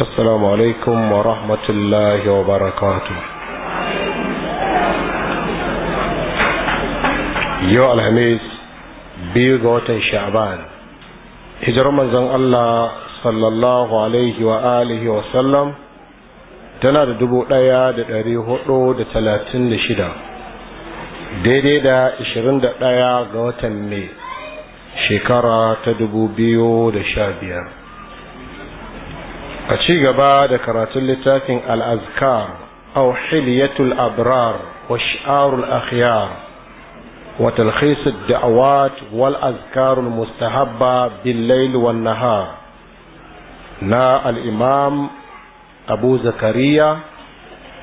السلام عليكم ورحمة Yau alhamis biyu ga watan شعبان هجر من Allah صلى الله عليه وآله وسلم tana da dubu ɗaya da ɗari hudu da talatin da shida daidai da ashirin da ɗaya ga watan mai shekara ta dubu biyu da sha biyar a ci gaba da karatun littafin al'azkar au hiliyatul abrar wa shi'arul akhyar wa talhisar da'awat wal azkarul mustahabba billail wan nahar na al'imam abu zakariya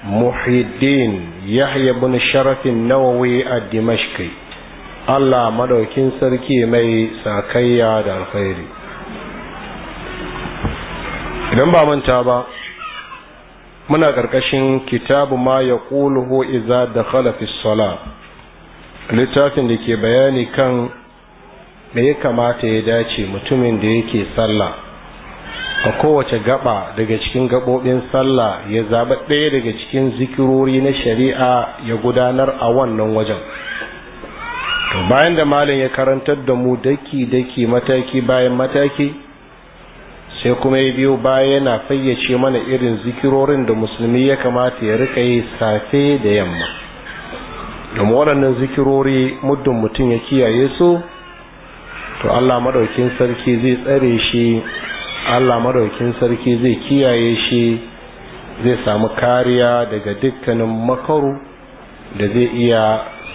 muhiddin yahya bin sharafin nawawi a dimashki allah madaukin sarki mai sakayya da alkhairi idan ba manta ba muna ƙarƙashin kitabu ma ya ƙuluhu iza da khalafis sala littafin da ke bayani kan da ya kamata ya dace mutumin da yake sallah a kowace gaba daga cikin gabobin sallah ya zaɓi ɗaya daga cikin zikirori na shari'a ya gudanar a wannan wajen bayan da malam ya karantar da mu daki-daki mataki bayan mataki sai kuma ya biyo baya yana fayyace mana irin zikirorin da musulmi ya kamata ya rika yi safe da yamma domin waɗannan zikirori muddin mutum ya kiyaye su to allah maɗaukin sarki zai tsare shi allah maɗaukin sarki zai kiyaye shi zai samu kariya daga dukkanin makaru da zai iya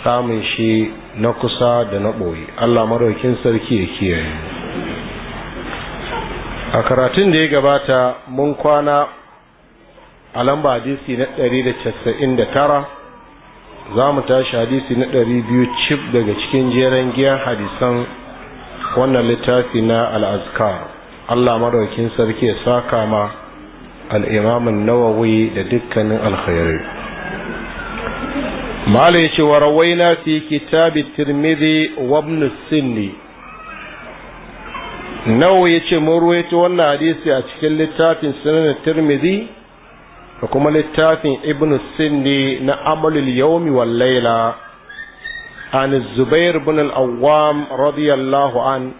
samun shi na kusa da na ɓoye allah maɗaukin sarki ya kiyaye a karatun da ya gabata mun kwana a lamba hadisi na ɗari da casa'in 199 za mu tashi hadisi na ɗari biyu cif daga cikin jeren giyan hadisan wannan littafi na al'azkar allah maraukin sarki ya saka ma al'imamin nawawi da dukkanin alkhairu mala ya ce wa na fi kitabi tirmidhi sinni nawa ya ce mun ruwaito wannan hadisi a cikin littafin sunan tirmidhi da kuma littafin ibn sinni na amalul yawmi wal laila an zubair bin al radiyallahu an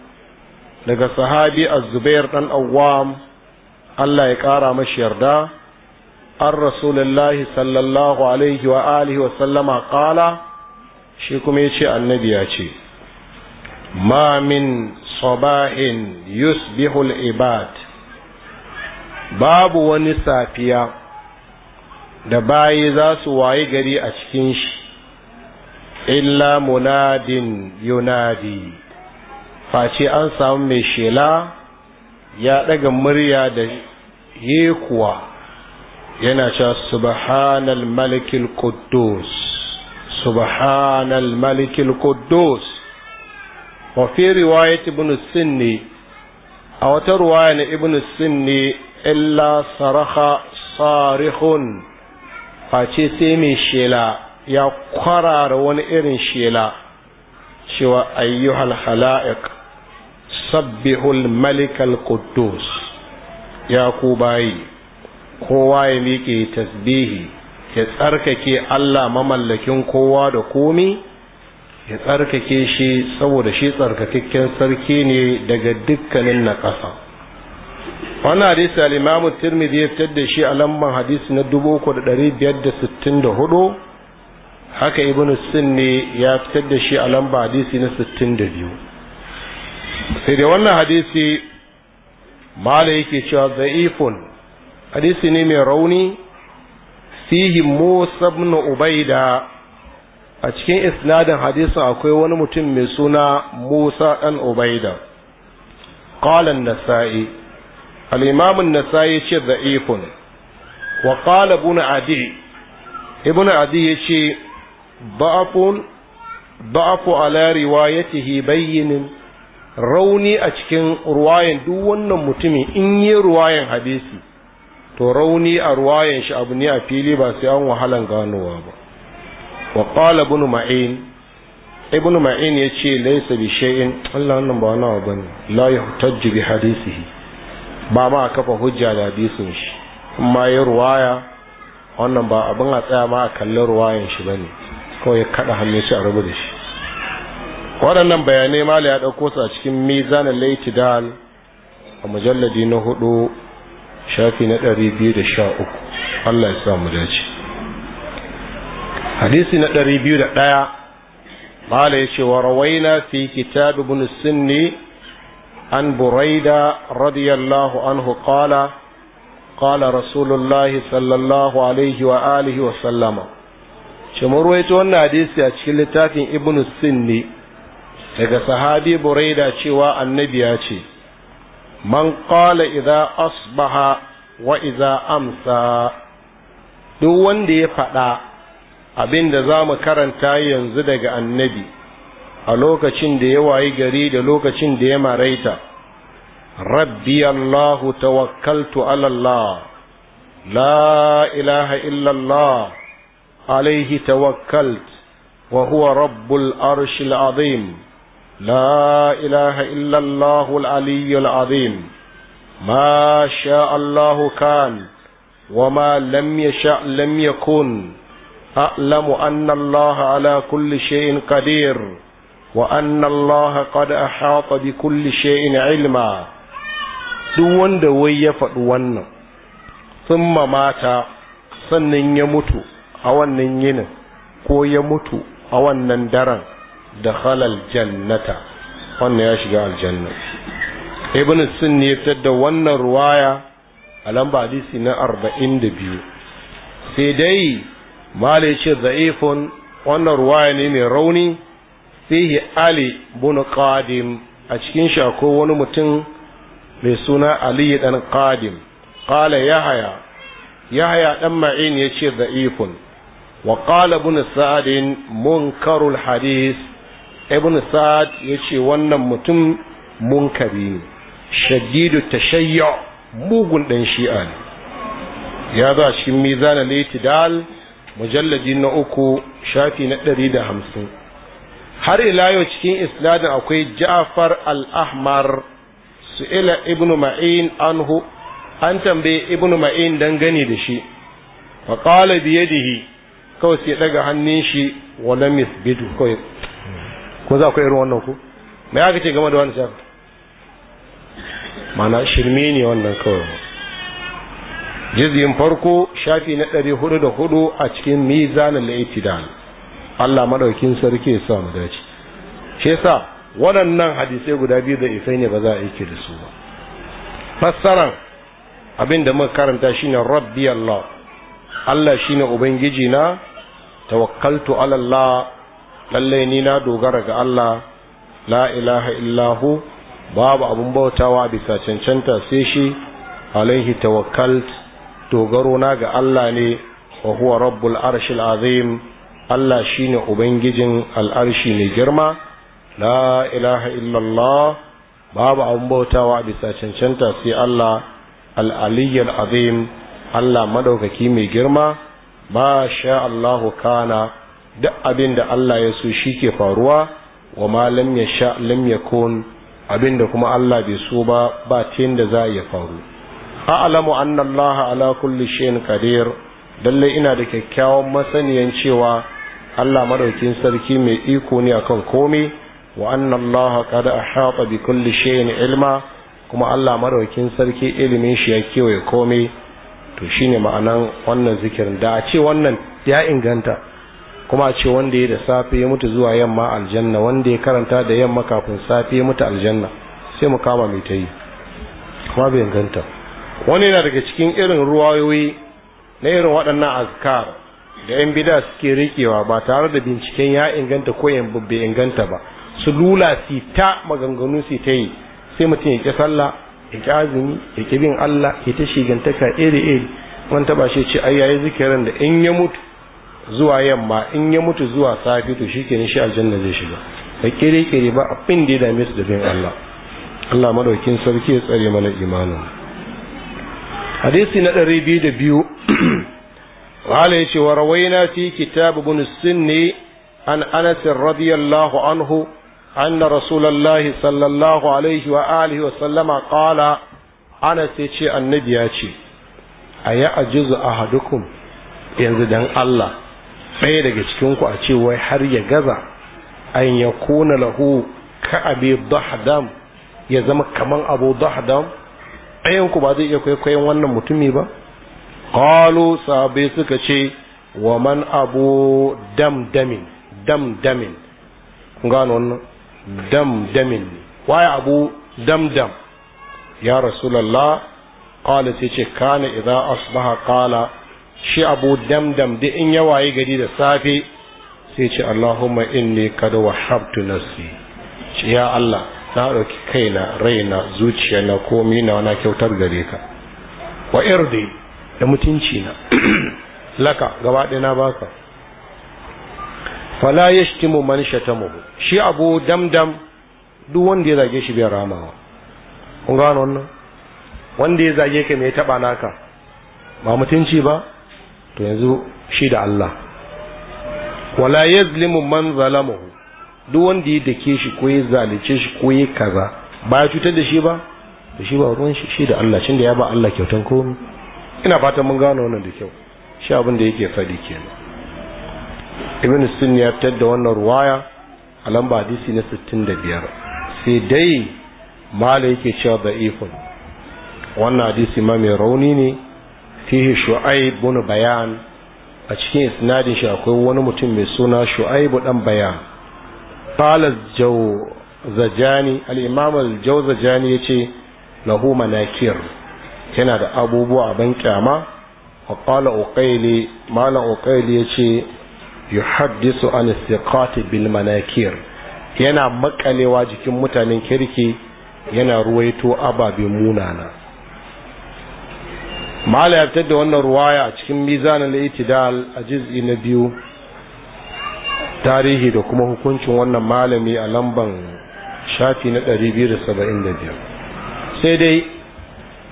daga sahabi az-zubair dan awwam Allah ya kara mashi yarda an rasulullahi sallallahu alaihi wa alihi wa sallama qala shi kuma yace annabi ya ce ma min sabahin yusbihul ibad babu wani safiya da bayi za su waye gari a cikin shi illa munadin yunadi face an samu mai shela ya daga murya da yekuwa yana cewa subhanal malikil quddus subhanal malikil quddus wa fi riwayat ibn sinni a wata riwaya na ibn sinni illa saraha sarihun face sai mai shela ya kwarara wani irin shela cewa ayyuhal hala'iq sabbihul malikal quddus ya ku kowa ya miƙe tasbihi ya tsarkake Allah mamallakin kowa da komi ya tsarkake shi saboda shi tsarkakakken sarki ne daga dukkanin na ƙasa wannan hadisi al-imamu tirmidhi ya fitar da shi a lamban hadisi na 3564 haka ibnu ne ya fitar da shi a lamba hadisi na 62 sai da wannan hadisi mala yake cewa za'ifun hadisi ne mai rauni fihi musa ibn ubaida a cikin isnadin hadisin akwai wani mutum mai suna Musa dan Ubaida qala an-nasa'i al-imam an-nasa'i ce da'ifun wa qala ibn adi ibn adi yace da'afun da'afu ala riwayatihi bayyin rauni a cikin ruwayan duk wannan mutumin in yi ruwayan hadisi to rauni a ruwayan shi abu ne a fili ba sai an wahalan ganowa ba wa qala ibn ma'in ibn ma'in yace laysa bi shay'in Allah wannan ba wani bane la ba ma kafa hujja da hadisin shi amma ya ruwaya wannan ba abin a tsaya ma a kalli ruwayan shi ne kawai kada hannun shi a rubu da shi waɗannan bayanai mala ya ɗauko su a cikin mizan laitidal a mujalladi na hudu shafi na ɗari biyu da sha uku allah ya sa mu dace hadisi na ɗari biyu da ɗaya mala ya ce wa rawaina fi kitab ibn sunni an buraida radiyallahu anhu qala qala rasulullah sallallahu alaihi wa alihi wa sallama ce mun ruwaito wannan hadisi a cikin littafin ibn sunni daga sahabi buraida cewa annabi ya ce man qala idza asbaha wa'iza amsa duk wanda ya faɗa abin da za mu karanta yanzu daga annabi a lokacin da ya wayi gari da lokacin da ya maraita rabbi allahu tawakkaltu alallah la ilaha illallah alaihi tawakkalt wa huwa rabbul arshil azim la ilaha illallah al-aliyyul azim allahu kan وما لم يشاء لم يكن أعلم أن الله على كل شيء قدير وأن الله قد أحاط بكل شيء علما ya faɗi wannan. ثم mata sannan ya mutu a wannan yinin ko ya mutu a wannan daren da halal jannata wannan ya shiga aljanna ibn sun ne fitar da wannan ruwaya a lamba hadisi na arba'in da biyu sai dai mala ce za'ifun wannan ruwaya ne mai rauni fihi ali bin qadim a cikin shi wani mutum mai suna ali dan qadim qala yahya yahya dan ma'in yace za'ifun. wa qala bin sa'd munkarul hadis. ibn sa'd yace wannan mutum munkari ne shadidu tashayyu mugun dan shi'a ya zo a cikin mizanin litidal mujalladi na uku shafi na ɗari da hamsin har ila yau cikin isnadin akwai ja'far al-ahmar su'ila ibnu ma'in anhu an tambaye ibnu ma'in dangane da shi fa qala bi yadihi kawai sai daga hannun shi wala misbidu kawai ko za ku irin wannan ku mai aka ce game da wannan mana shirme ne wannan kawai juz'in farko shafi na ɗari da hudu hudu a cikin mizanul itidal Allah madaukin sarki ya sa mu dace shi yasa waɗannan hadisai guda biyu da ifai ne ba za a yi da su ba fassaran abin da muka karanta shine rabbi Allah Allah shine ubangiji na tawakkaltu ala Allah lalle ni na dogara ga Allah la ilaha illahu babu abun bautawa bisa cancanta sai shi alaihi tawakkaltu dogaro na ga Allah ne wa huwa rabbul arshil azim Allah shine ubangijin al'arshi mai girma la ilaha illallah babu abin bautawa bisa cancanta sai Allah al'aliyyar azim Allah madaukaki mai girma ba sha Allahu kana duk abin da Allah ya so shi ke faruwa wa ma lam ya sha lam yakun abin da kuma Allah bai so ba ba ta da za ya faru a'lamu anna allaha ala kulli shay'in qadir dalle ina da kyakkyawan masaniyan cewa Allah madaukin sarki mai iko ne akan komai wa anna allaha qad ahata bi kulli shay'in ilma kuma Allah madaukin sarki ilimin shi ya kewaye komai to shine ma'anan wannan zikirin da a ce wannan ya inganta kuma a ce wanda ya da safe ya mutu zuwa yamma aljanna wanda ya karanta da yamma kafin safe ya mutu aljanna sai mu kama mai ta yi kuma bai inganta wani yana daga cikin irin ruwayoyi na irin waɗannan azkar da yan bida suke rikewa ba tare da binciken ya inganta ko yan bai inganta ba su lula si ta maganganu si ta yi sai mutum ya ƙi sallah ya ƙi azumi ya ƙi bin Allah ya ta shigantaka iri iri wani taɓa shi ce ai yayi zikirin da in ya mutu zuwa yamma in ya mutu zuwa safi to shi kenan shi aljanna zai shiga da kere kere ba abin da ya dame su da bin Allah Allah madaukin sarki ya tsare mana imanin hadisi na ɗari biyu da biyu wala ya ce wa rawaina fi kitabu ibn sunni an anas radiyallahu anhu أن رسول الله صلى الله عليه وآله وسلم قال أنا سيتشي النبي ياتشي أيا أجز أحدكم yanzu dan Allah ɗaya daga cikinku a ce wai har ya gaza an ya lahu ka abi dahdam ya zama kaman abu dahdam ɗayan ba zai iya kwaikwayon wannan mutumi ba qalu sahabai suka ce wa man abu damdamin damdamin kun gano wannan damdamin waye abu damdam ya rasulullah qala sai ce kana idza asbaha qala shi abu damdam da in ya waye gari da safe sai ce allahumma inni kad wahabtu nafsi ya allah na ɗauki kaina raina zuciya na komi na wana kyautar gare ka wa irdi da mutunci na laka gaba ɗaya na baka fala yashtimu man shatamu shi abu damdam duk wanda ya zage shi bai ramawa kun gano wannan wanda ya zage ka mai taba naka ba mutunci ba to yanzu shi da Allah wala yazlimu man zalamuhu duk wanda ya dake shi ko ya zalice shi ko ya kaza ba ya cutar da shi ba da shi ba ruwan shi da Allah cin da ya ba Allah kyautan komi ina fatan mun gano wannan da kyau shi abin da yake faɗi kenan ibn sun ya fitar da wannan ruwaya a lamba hadisi na 65 sai dai mala yake cewa da'ifun wannan hadisi ma mai rauni ne fihi shu'aib bayan a cikin isnadin shi akwai wani mutum mai suna shu'aib dan bayan qala al-jawzajani al-imam al ya yace lahu manakir yana da abubuwa a kyama wa qala uqayli ya ce yace yuhaddisu an istiqati bil manakir yana makalewa jikin mutanen kirki yana ruwaito ababe munana mala ya fitar da wannan ruwaya a cikin mizanin laitidal a juz'i na biyu tarihi da kuma hukuncin wannan malami a lamban shafi na 275 sai dai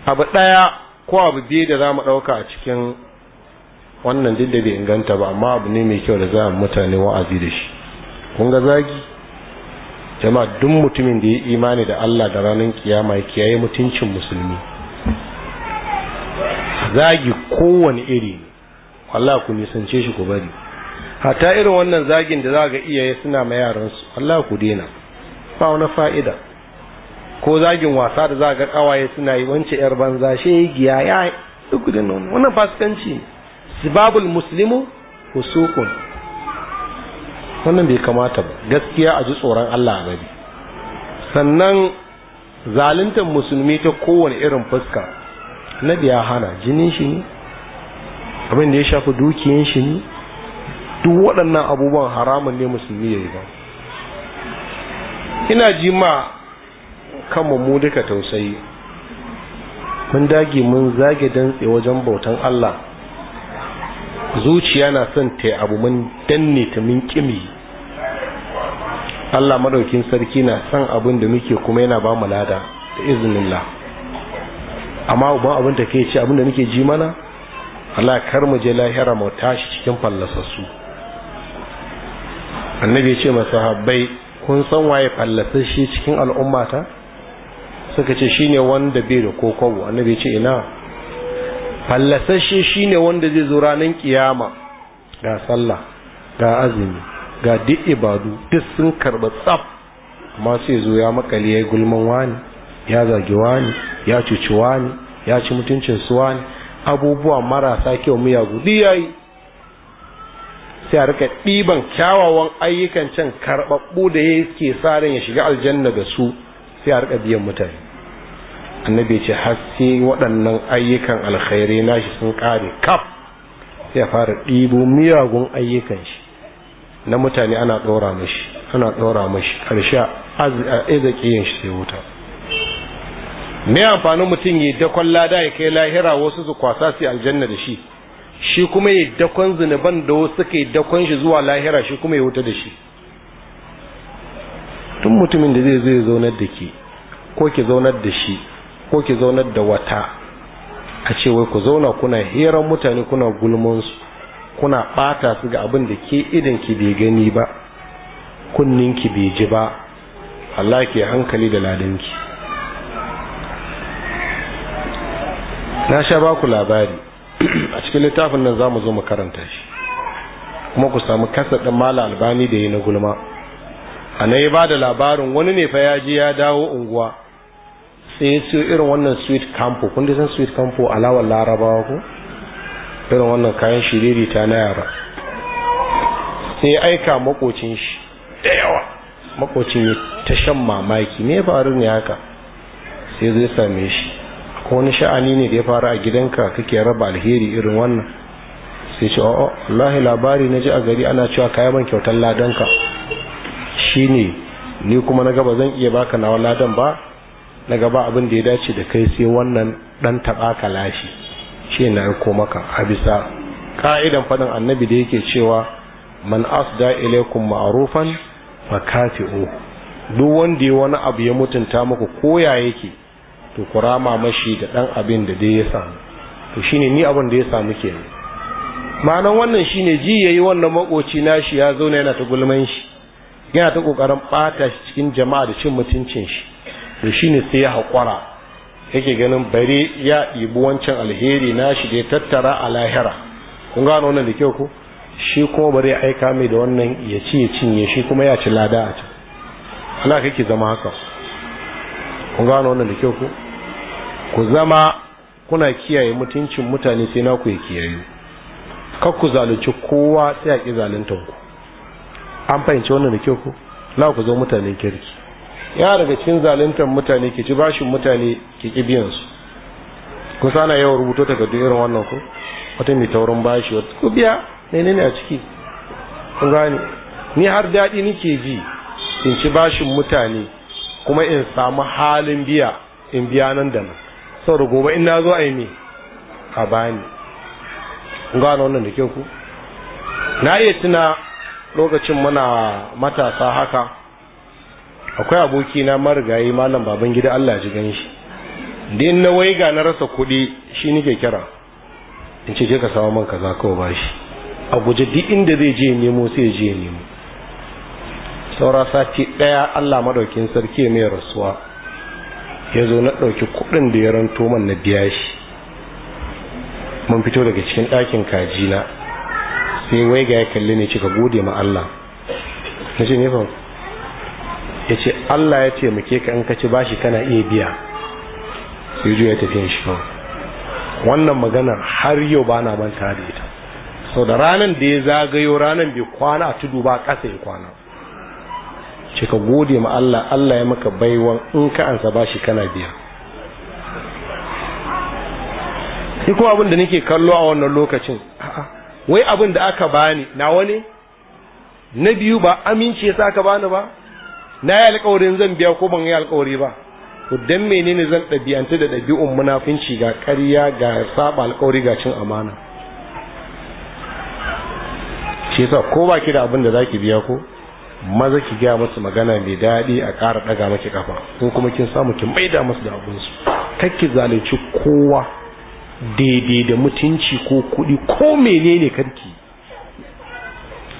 abu ɗaya ko abu biyu da za mu ɗauka a cikin wannan duk bai inganta ba amma abu ne mai kyau da za mutane wa'azi da shi kun ga zagi jama'a duk mutumin da ya imani da Allah da ranar kiyama ya kiyaye mutuncin musulmi zagi kowane iri Allah ku nisance shi ku bari hata irin wannan zagin da za ga iyaye suna ma yaransu Allah ku dena ba wani fa'ida ko zagin wasa da za ga kawaye suna yi wance yar banza shi ya duk da nono wannan fasikanci sibabul muslimu husukun wannan bai kamata ba gaskiya a ji tsoron Allah a sannan zaluntar musulmi ta kowane irin fuska na biya hana jinin shi ne abin da ya shafi dukiyan shi ne duk waɗannan abubuwan haramun ne musulmi ya yi ba ina ji ma kanmu mu duka tausayi mun dage mun zage dantse wajen bautan Allah zuciya na son ta abu mun danne ta min kimi Allah madaukin sarki na son abin da muke kuma yana ba mu lada da Allah amma uban abin da kai ce abin da muke ji mana Allah kar mu je lahira mu tashi cikin fallasassu annabi ya ce masa habbai kun san waye fallasasshe cikin al'ummata suka ce shine wanda bai da kokobo annabi ce ina fallasasshe shine wanda zai zo ranar kiyama ga sallah ga azumi ga duk ibadu duk sun karba tsaf amma sai zo ya makale ya gulman wani ya zagi wani ya cuci wani ya ci mutuncin su wani abubuwa marasa kyau miyagu duk yayi sai a rika ɗiban kyawawan ayyukan can karɓaɓɓu da ya ke sarin ya shiga aljanna da su sai a rika biyan mutane annabi ce har sai waɗannan ayyukan alkhairai nashi sun ƙare kaf sai ya fara ɗibo miyagun ayyukan shi na mutane ana ɗora mashi ana ɗora mashi ƙarshe a yin shi sai wuta me amfanin mutum ya dakon lada ya kai lahira wasu su kwasa su aljanna da shi shi kuma ya dakon zunuban da wasu suka yi dakon shi zuwa lahira shi kuma ya wuta da shi tun mutumin da zai zo ya zaunar da ke ko ke zaunar da shi ko ke zaunar da wata a ce wai ku zauna kuna heran mutane kuna gulmansu kuna ɓata su ga abin da ke idan ki bai gani ba kunnin ki bai ji ba Allah ke hankali da ladanki na sha ba ku labari a cikin littafin nan za mu zo mu karanta shi kuma ku samu kasa ɗin mala albani da yi na gulma a na yi ba da labarin wani ne fa ya je ya dawo unguwa sai ya siyo irin wannan sweet campo kun san sweet campo alawar larabawa ko irin wannan kayan shiriri ta na yara sai ya aika makocin shi da yawa makocin ya ta shan mamaki me faru ne haka sai zai same shi ko wani sha'ani ne da ya faru a gidanka kake raba alheri irin wannan sai ce o'o wallahi labari na ji a gari ana cewa kayan man kyautar ladanka Shi ne ni kuma na gaba zan iya baka nawa ladan ba na gaba abin da ya dace da kai sai wannan dan taba ka lashi shi na aiko maka a bisa ka'idan faɗin annabi da yake cewa man asda ilaikum ma'rufan fa duk wanda wani abu ya mutunta muku koya yake to kurama mashi da dan abin da dai ya samu to shine ni abin da ya samu kenan ma'anan wannan shine ji yayi wannan makoci nashi ya zo yana ta gulman shi yana ta kokarin bata shi cikin jama'a da cin mutuncin shi to shine sai ya hakura yake ganin bare ya ibi wancan alheri nashi da ya tattara a lahira kun gano wannan da kyau ko shi kuma bare ya aika mai da wannan ya ci ya cinye shi kuma ya ci lada a can Allah kake zama haka kun gano wannan da kyau ko ku zama kuna kiyaye mutuncin mutane sai naku ya kiyaye kar ku zalunci kowa sai a ƙi zalunta ku an fahimci wannan da kyau ku la ku zo mutanen kirki ya daga cikin zaluntan mutane ki ci bashin mutane ki ƙi biyan su kun sana yawan rubuto takardu irin wannan ku wata mai taurin bashi wata ku biya menene a ciki kun gane ni har daɗi nike ji in ci bashin mutane kuma in samu halin biya in biya nan da nan sau gobe in na zo a yi me a bani gano wannan da kyau ku na iya tuna lokacin muna matasa haka akwai aboki na marigayi malam baban gida Allah ji gan shi da na waiga na rasa kuɗi shi nike kira in ce je ka samu man kaza kawo ba shi a guje duk inda zai je nemo sai je nemo saura sati ɗaya Allah madaukin sarki mai rasuwa ya zo na ɗauki kuɗin da ya ranto man na biya shi mun fito daga cikin ɗakin kaji na sai wai ga ya kalli ne cika gode ma Allah na ce nefan ya ce Allah ya ce muke ka in ka ci bashi kana iya biya sai ya tafi shi ba wannan maganar har yau ba na manta da ita sau da ranar da ya zagayo ranar bai kwana a tudu ba kasa ya kwana ce ka gode ma Allah Allah ya maka baiwan in ka ansa bashi kana biya shi kuma abin da nake kallo a wannan lokacin wai abin da aka bani na wani na biyu ba amince sa aka bani ba na yi alkawarin zan biya ko ban yi alkawari ba to dan menene zan ɗabi'anta da ɗabi'un munafinci ga ƙarya ga saba alkawari ga cin amana shi yasa ko ba ki da abin da zaki biya ko maza ki gaya masu magana mai daɗi a ƙara ɗaga maki kafa ko kuma kin samu kin maida musu da abinsu kakki zalunci kowa daidai da mutunci ko kuɗi ko menene kanki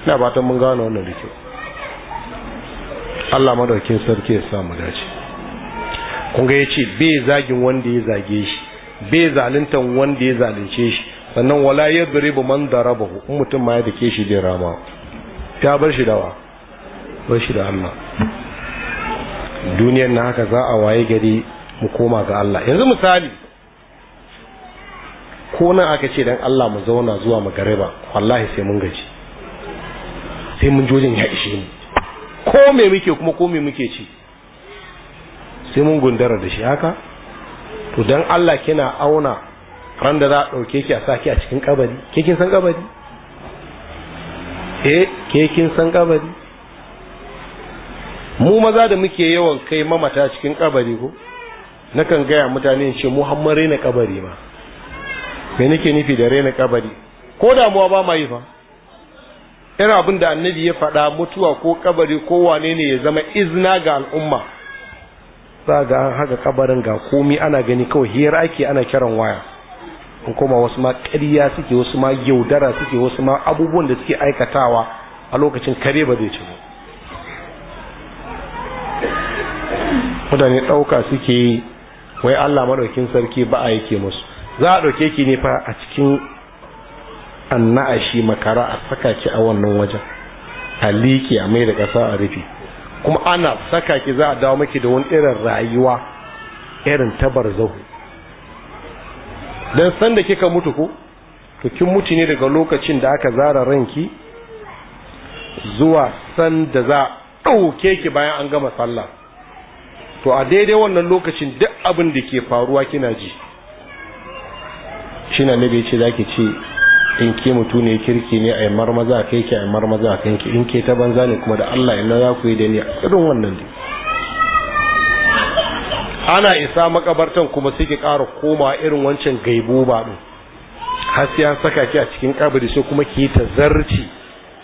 na fatan mun gano wannan da kyau Allah madaukin sarki ya samu dace kun ga yace bai zagin wanda ya zage shi bai zaluntan wanda ya zalunce shi sannan wala yadribu man darabahu mutum ma ya dake shi bai rama bar shi dawa bar shi da Allah duniyar na haka za a waye gari mu koma ga Allah yanzu misali ko nan aka ce dan Allah mu zauna zuwa magariba wallahi sai mun gaji sai mun jojin ya ishe mu ko me muke kuma ko me muke ci sai mun gundara da shi haka to dan Allah kina auna ran da za a dauke ki a saki a cikin kabari ke kin san kabari eh ke kin san kabari mu maza da muke yawan kai mamata cikin kabari ko na kan gaya mutane ce mu har raina kabari ma me nake nufi da raina kabari ko damuwa ba ma yi fa irin abin da annabi ya faɗa mutuwa ko kabari ko wane ne ya zama izna ga al'umma za ga an haka kabarin ga komi ana gani kawai hiyar ake ana kiran waya in koma wasu ma ƙarya suke wasu ma yaudara suke wasu ma abubuwan da suke aikatawa a lokacin kare ba zai ci ba mutane ɗauka suke yi wai Allah maɗaukin sarki ba a yake musu za a ɗauke ki ne fa a cikin annashi makara a saka ki a wannan wajen a liƙe a mai da ƙasa a rufe kuma ana saka ki za a dawo miki da wani irin rayuwa irin tabar zau don sanda kika mutu ko to kin mutu ne daga lokacin da aka zara ranki zuwa sanda za a ɗauke ki bayan an gama sallah to a daidai wannan lokacin duk abin da ke faruwa kina ji shi na nabi ce ki ce in ke mutu ne kirki ne a yi marmaza kai ke a yi marmaza a kanki in ke ta banza ne kuma da Allah ina za ku yi da ni irin wannan ne ana isa makabartan kuma sai ki ƙara koma irin wancan gaibo ba ɗin har sai an saka ki a cikin kabari sai kuma ki ta zarci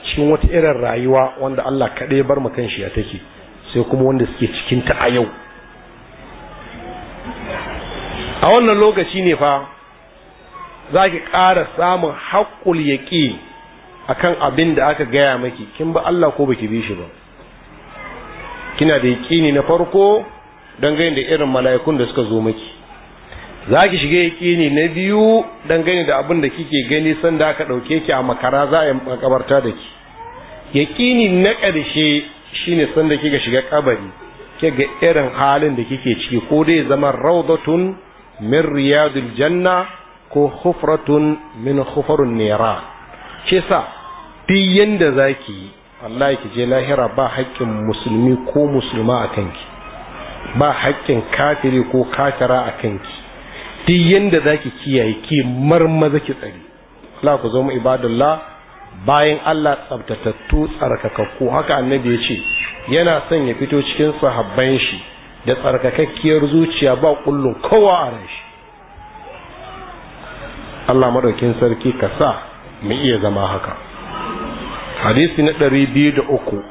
cikin wata irin rayuwa wanda Allah kaɗai bar mu kan shi ya take sai kuma wanda suke cikinta a yau a wannan lokaci ne fa za ki ƙara samun haƙul yaƙi a kan abin da aka gaya maki kin ba Allah ko baki bi shi ba kina da ne na farko dangane da irin mala'ikun da suka zo maki za ki shiga ne na biyu dangane da abin da kike gani sanda aka ɗauke ki a makara za a yi makabarta da ki ne na ƙarshe shine sanda kika shiga kabari kiga irin halin da kike ciki ko dai zama rawdatun min riyadil janna ko hufratun min khufarun nira ce sa duk yanda zaki wallahi ki je lahira ba haƙƙin musulmi ko musulma a kanki ba haƙƙin kafiri ko kafira a kanki duk yanda zaki kiyaye ki marmaza ki tsari, Allah ku zo mu ibadallah bayan Allah tsabtatattu tsarkakakku haka annabi ya ce yana son ya fito cikin sahabban shi da tsarkakakkiyar zuciya ba kullun kowa a ran shi Allah madaukin sarki ka sa mu iya zama haka hadisi na ɗari biyu da uku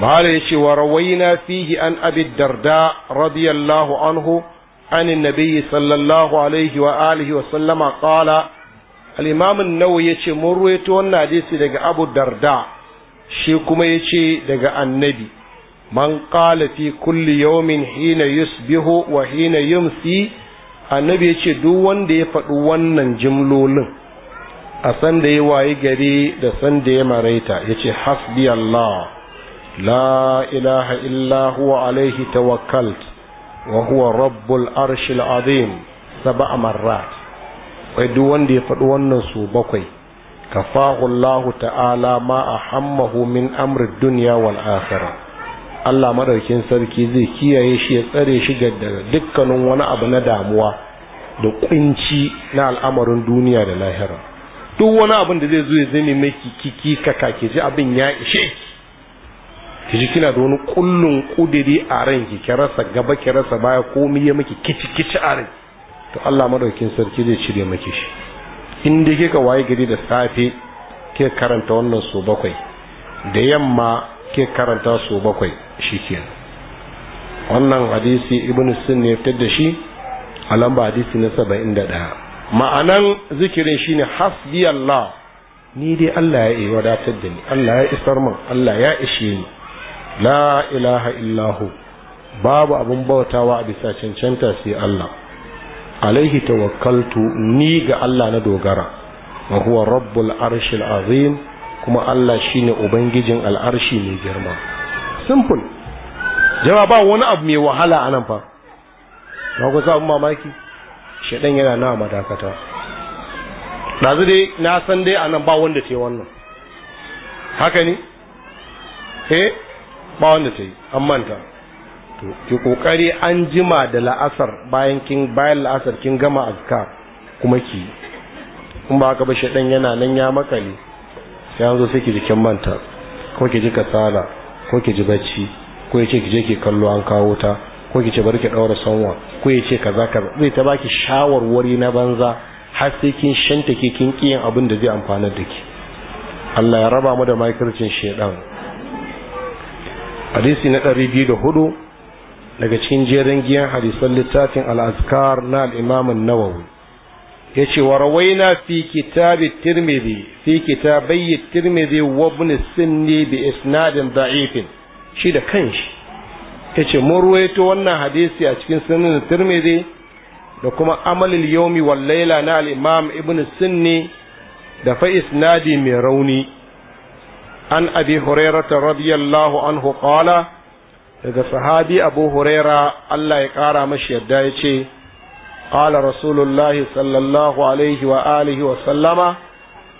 bala ya ce wa rawaina fihi an abi darda radiyallahu anhu an nabiyyi sallallahu alaihi wa alihi wa sallama qala al'imamin nawa ya ce mun ruwaito wannan hadisi daga abu darda shi kuma ya ce daga annabi man qala fi kulli yawmin hina yusbihu wa hina yumsi annabi ya ce duk wanda ya faɗi wannan jimlolin a sanda ya wayi gari da sanda ya maraita ya ce hasbi Allah la ilaha illa huwa alaihi tawakkalt wa huwa rabbul arshil azim sab'a akwai duk wanda ya faɗi wannan su bakwai ka fa'ullahu ta'ala ma a hammahu min amri duniya wal akhirah Allah maɗaukin sarki zai kiyaye shi ya tsare shi ga dukkanin wani abu na damuwa da kunci na al'amarin duniya da lahira duk wani abin da zai zo ya zame mai kiki kaka ke ji abin ya ishe ki ji kina da wani kullun kudiri a ran ki rasa gaba ki rasa baya komai ya miki kici kici a ranki to Allah madaukin sarki zai cire miki shi in dai kika waye gari da safe ke karanta wannan su bakwai da yamma ke karanta su bakwai shikenan wannan hadisi ibn sun ne fitar da shi a lamba hadisi na saba'in da ɗaya ma'anan zikirin shine hasbi Allah ni dai Allah ya yi wadatar da ni Allah ya isar min Allah ya ishe ni la ilaha illahu babu abin bautawa a bisa cancanta sai Allah alaihi tawakkaltu ni ga Allah na dogara wa huwa rabbul arshil azim kuma Allah shine ubangijin al'arshi mai girma simple jawaba wani abu mai wahala anan fa ba ku samu mamaki shaɗan yana na madakata ɗazu dai na san dai anan ba wanda ce wannan haka ne eh ba wanda ta yi an manta ki kokari an jima da la'asar bayan kin bayan la'asar kin gama azka kuma ki kun ba haka ba shedan yana nan ya makale sai an sai ki jikin manta ko ki ji kasala ko ki ji bacci ko ya ce ki je ki kallo an kawo ta ko ki ce bari ki daura sanwa ko ya ce kaza kaza zai ta baki shawarwari na banza har sai kin shanta ke kin kiyin abin da zai amfana da ki Allah ya raba mu da makircin shedan hadisi na 204 daga cikin jerin giyan hadisan littafin al na al-imam an-nawawi yace wa rawaina fi kitab at-tirmidhi fi kitabai at-tirmidhi wa ibn sinni bi isnadin da'ifin shi da kanshi yace mun ruwaito wannan hadisi a cikin sunan tirmidhi da kuma amalil yawmi wal layla na al-imam ibn sinni da fa isnadi mai rauni an abi hurairah radiyallahu anhu qala daga sahabi abu huraira allah ya ƙara mashi yadda ya ce ƙala rasulullahi sallallahu alaihi wa alihi wa sallama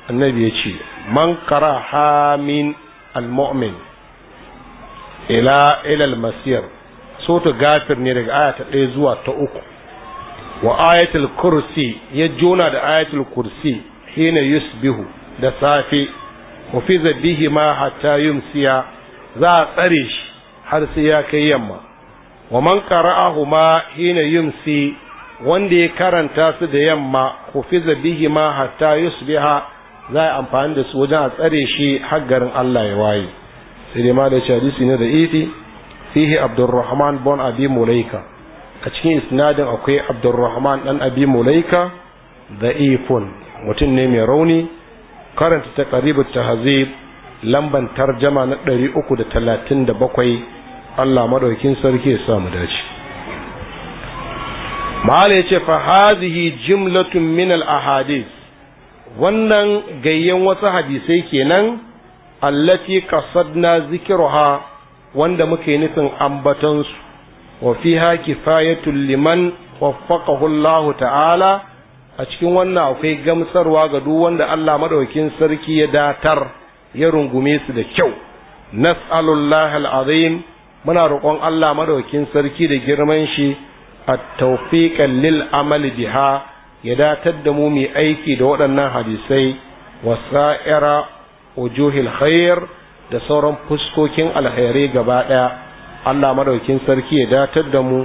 annabi ya ce man kara hamin al-mu'min ila ilal masir ta gafir ne daga aya ɗaya zuwa ta uku wa ayatul kursi ya jona da ayatul kursi hina yusbihu da safe wa fi bihi ma hatta yumsiya za a tsare shi har sai ya kai yamma wa man qara'ahuma hina yumsi wanda ya karanta su da yamma ku fi bihi ma hatta yusbiha za a amfani da su wajen a tsare shi har garin Allah ya waye sai dai ma da hadisi ne da iti fihi abdurrahman bon abi mulaika a cikin isnadin akwai abdurrahman dan abi mulaika da ifun mutum ne mai rauni karanta ta tahzib lamban tarjama na 337 Allah madaukin sarki ya samu dace mala yace fa hadhihi jumlatun min al ahadith wannan gayyen wasu hadisai kenan allati qasadna zikruha wanda muke nufin ambaton su wa fiha kifayatul liman waffaqahu Allah ta'ala a cikin wannan akwai gamsarwa ga duk wanda Allah madaukin sarki ya datar ya rungume su da kyau nas'alullahi al'azim muna roƙon Allah madaukin sarki da girman shi at-tawfiq lil amali biha ya datar da mu mai aiki da waɗannan hadisai wasa'ira wujuhil khair da sauran fuskokin alkhairai gaba ɗaya Allah madaukin sarki ya datar da mu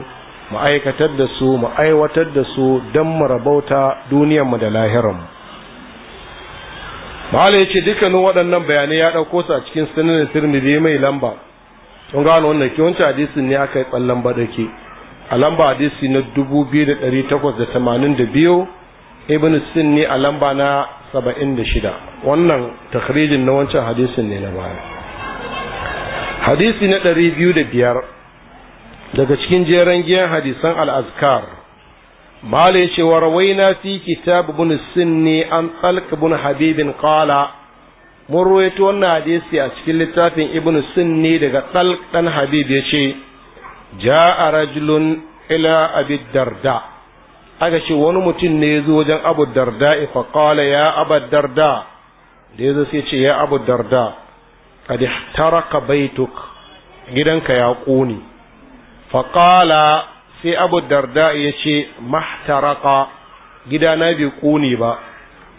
mu aikatar da su mu aiwatar da su don mu rabauta duniyarmu da lahiranmu mahala ya ce dukkanin waɗannan bayanai ya ɗauko su a cikin sananin tirmidhi mai lamba kun gano wannan ke wancan hadisin ne aka yi tsallan badake a lamba hadisi na dubu biyu da ɗari takwas da tamanin da biyu ibn sin ne a lamba na saba'in da shida wannan takhrijin na wancan hadisin ne na baya hadisi na ɗari biyu da biyar daga cikin jeren giyan hadisan al-azkar mala yace wa rawaina fi kitab bin sunni an talq bin habibin Kala? mun ruwaito wannan hadisi a cikin littafin ibn sunni daga talq dan habib yace a rajulun ila abi darda aka ce wani mutum ne ya zo wajen abu darda fa qala ya abu darda da ya zo sai ce ya abu darda kad ihtaraka baituk gidanka ya kone fa sai abu darda ya ce mahtaraka na bai kuni ba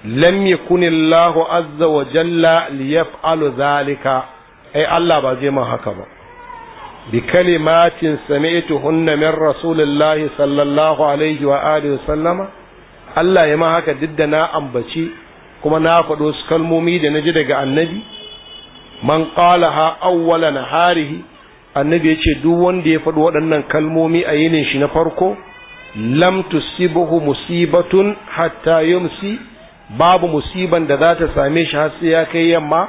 lam yakun Allah azza wa jalla liyaf'alu zalika ai Allah ba zai man haka ba bi kalimatin hunna min rasulillahi sallallahu alaihi wa alihi sallama Allah ya ma haka duk da na ambaci kuma na faɗo su kalmomi da na ji daga annabi man qalaha awwala harihi. annabi ya ce duk wanda ya faɗi waɗannan kalmomi a yinin shi na farko lam tusibuhu musibatun hatta yumsi babu musiban da za ta same shi har sai ya kai yamma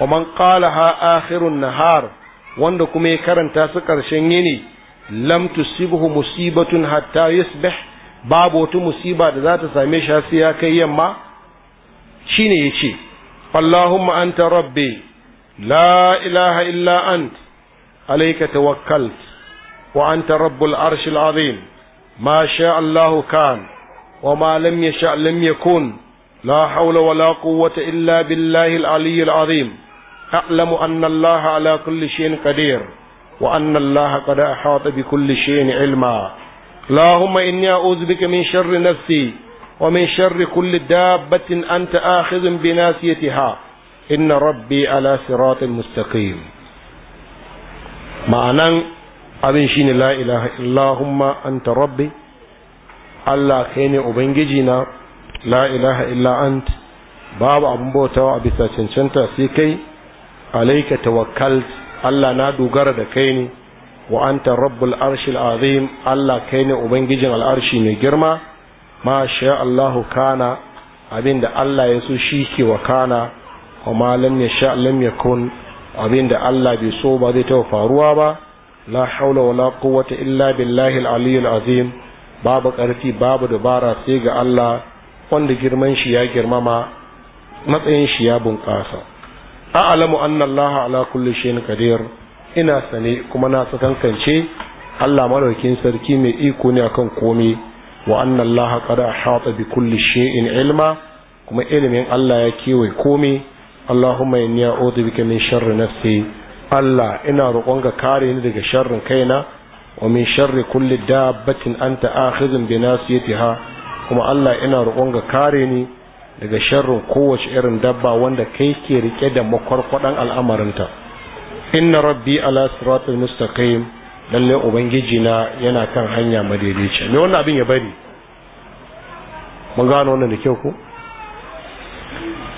wa man ha akhirun nahar wanda kuma ya karanta su karshen yini lam tusibuhu musibatun hatta yusbih babu wata musiba da za ta same shi har sai ya kai yamma shine yace Allahumma anta rabbi la ilaha illa anta عليك توكلت وأنت رب العرش العظيم ما شاء الله كان وما لم يشاء لم يكن لا حول ولا قوة إلا بالله العلي العظيم أعلم أن الله على كل شيء قدير وأن الله قد أحاط بكل شيء علما اللهم إني أعوذ بك من شر نفسي ومن شر كل دابة أنت آخذ بناسيتها إن ربي على صراط مستقيم ma'anan abin shine la ilaha illahumma anta rabbi Allah kai ne ubangiji na la ilaha illa ant babu abin bautawa a bisa cancanta sai kai alaika tawakkal Allah na dogara da kai ne wa anta rabbul arshil azim Allah kai ne ubangijin al'arshi mai girma ma sha Allahu kana abin da Allah ya so shi ke wa kana wa ma lam yasha lam yakun abin da Allah bai so ba zai taɓa faruwa ba la haula wala quwwata illa billahi al-aliyyil azim babu ƙarfi babu dabara sai ga Allah wanda girman shi ya girmama matsayin shi ya bunƙasa a'lamu anna Allah ala kulli shay'in qadir ina sane kuma na sakankance Allah madaukin sarki mai iko ne akan komai wa anna Allah qad ahata bi kulli shay'in ilma kuma ilimin Allah ya kewaye komai Allahumma inni a'udhu bika min sharri nafsi Allah ina roƙonka kare ni daga sharrin kaina wa min sharri kulli dabbatin anta akhidhun bi nasiyatiha kuma Allah ina roƙonka kare ni daga sharrin kowace irin dabba wanda kai ke rike da makwarkwadan al'amarinta inna rabbi ala siratul mustaqim lalle ubangiji na yana kan hanya madaidaici me wannan abin ya bari mun gano wannan da kyau ko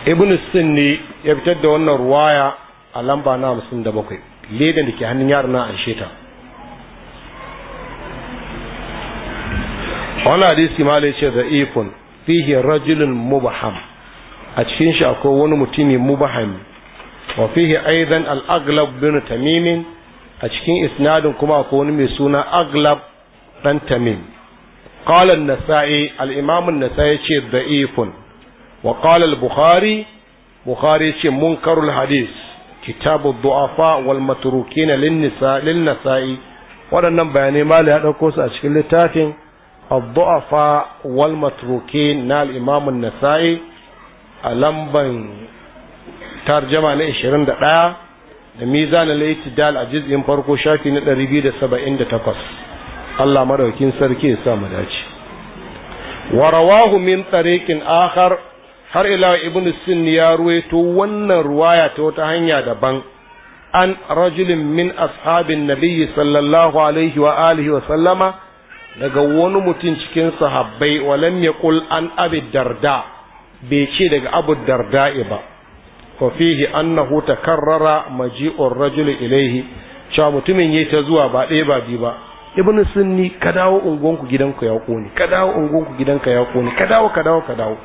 ibn ne ya fitar da wannan ruwaya a lamba na hamsin da bakwai ledan da ke hannun yaron na an sheta wani hadisi malai ce da ifun fihi rajulun mubaham a cikin shi akwai wani mutumi mubaham wa fihi aizan al-aglab bin tamimin a cikin isnadin kuma akwai wani mai suna aglab dan tamim qala an-nasa'i al-imam an-nasa'i ce da ifun وقال البخاري بخاري منكر الحديث كتاب الضعفاء والمتروكين للنساء للنسائي waɗannan bayanai mali ya ɗauko su a cikin littafin الضعفاء والمتروكين na al'imamun nasa'i a lamban tarjama na 21 da mizan al-itidal a jiz'in farko shafi na 278 Allah madaukin sarki ya sa mu dace wa akhar har ila ibn sin ya ruwaito wannan ruwaya ta wata hanya daban an rajulin min ashabin nabiyyi sallallahu alaihi wa alihi wa sallama daga wani mutum cikin sahabbai walam yaqul an abi darda bai ce daga abu darda ba fa fihi annahu takarrara maji'ur rajul ilaihi cewa mutumin yayi ta zuwa ba ɗaya ba biyu ba ibn sunni ka dawo ungonku gidanku ya ƙone. ka dawo ungonku gidanka ya ƙone. ka dawo ka dawo ka dawo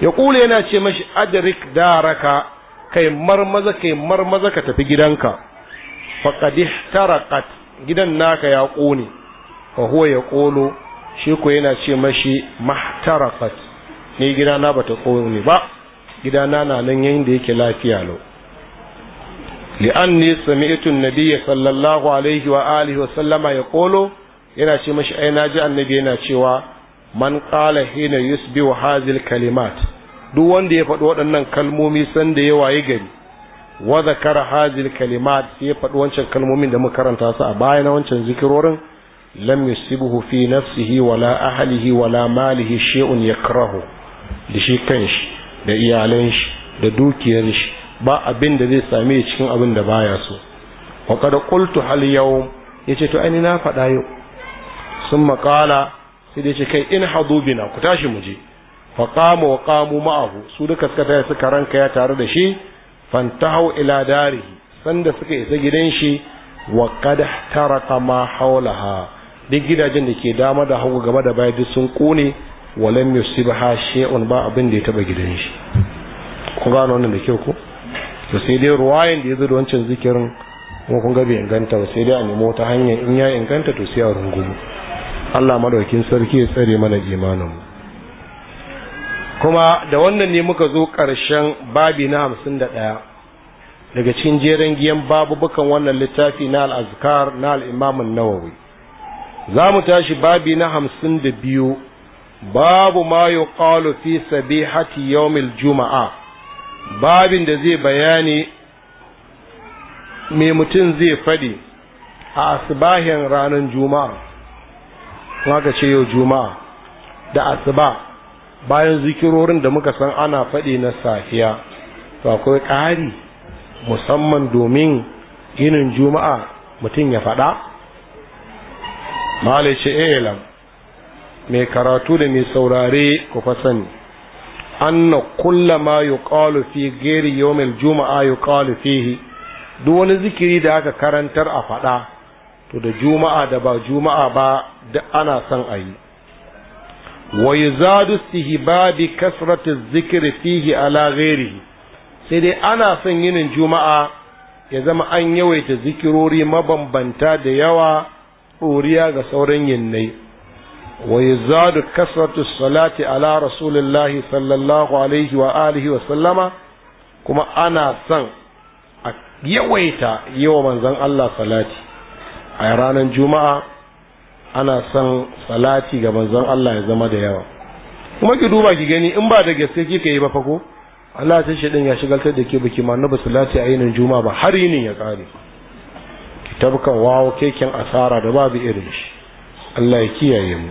ya ƙule yana ce mashi adrik daraka kai marmaza kai marmaza ka tafi gidanka faqad ihtarakat gidan naka ya ƙone fa huwa ya ƙolo shi ko yana ce mashi mahtarakat ni gidana bata ƙone ba gidana na nan da yake lafiya lau li'anni sami'tu an-nabiyya sallallahu alaihi wa alihi wa sallama ƙolo yana ce mashi ai ji annabi yana cewa man qala hina wa hazil kalimat duk wanda ya faɗi waɗannan kalmomi san da ya waye gari wa zakara hazil kalimat ya faɗi wancan kalmomin da muka karanta su a baya na wancan zikirorin lam yusibuhu fi nafsihi wala ahlihi wala malihi shay'un yakrahu da shi kanshi da iyalan shi da dukiyar shi ba abin da zai same cikin abin da baya so wa qad qultu hal yawm yace to ai na faɗa yau sun maƙala sai dai ce kai in hadu bina ku tashi mu je fa qamu wa qamu ma'ahu su duka suka tafi suka ranka ya tare da shi fantahu ila darihi sanda suka isa gidan shi wa qad taraka ma hawlaha duk gidajen da ke dama da hagu gaba da baya duk sun kone walam yusibha shay'un ba abin da ya taba gidan shi ku gano wannan da kyau ko to sai dai ruwayin da ya zo da wancan zikirin kuma kun ga bai inganta ba sai dai a nemo ta hanya in ya inganta to sai a rungumu Allah madaukin sarki ya tsare mana imanin kuma da wannan ne muka zo ƙarshen babi na hamsin da ɗaya daga cikin jeren giyan babubukan wannan littafi na al'azkar na al'imamin nawawi za mu tashi babi na hamsin da biyu babu ma yi fi sabi hati yawmil juma'a babin da zai bayani mai mutum zai faɗi a asibahin ranar juma'a kuma ka ce yau juma'a da asuba bayan zikirorin da muka san ana faɗi na safiya to akwai ƙari musamman domin ginin juma'a mutum ya faɗa malice ce elam eh, mai karatu da mai saurare ku fa sani anna kulla ma yuqalu fi ghairi yawmil juma'a yuqalu fihi duk wani zikiri da aka karantar a faɗa to da juma'a da ba juma'a ba duk ana son a yi wa yuzadu istihbabi kasratu zikri fihi ala sai dai ana son yinin juma'a ya zama an yawaita zikirori mabambanta da yawa ɗoriya ga sauran yinnai wa yuzadu kasratu salati ala rasulillahi sallallahu alaihi wa alihi wa sallama kuma ana son a yawaita yawa manzon Allah salati a ranar juma'a ana son salati ga manzon Allah ya zama da yawa kuma ki duba ki gani in ba da gaske kika yi ba fa ko Allah ta shi din ya shigaltar da ke biki ma annabi salati a yinin juma'a ba har yinin ya kare ki tabka wawo keken asara da babu irin shi Allah ya kiyaye mu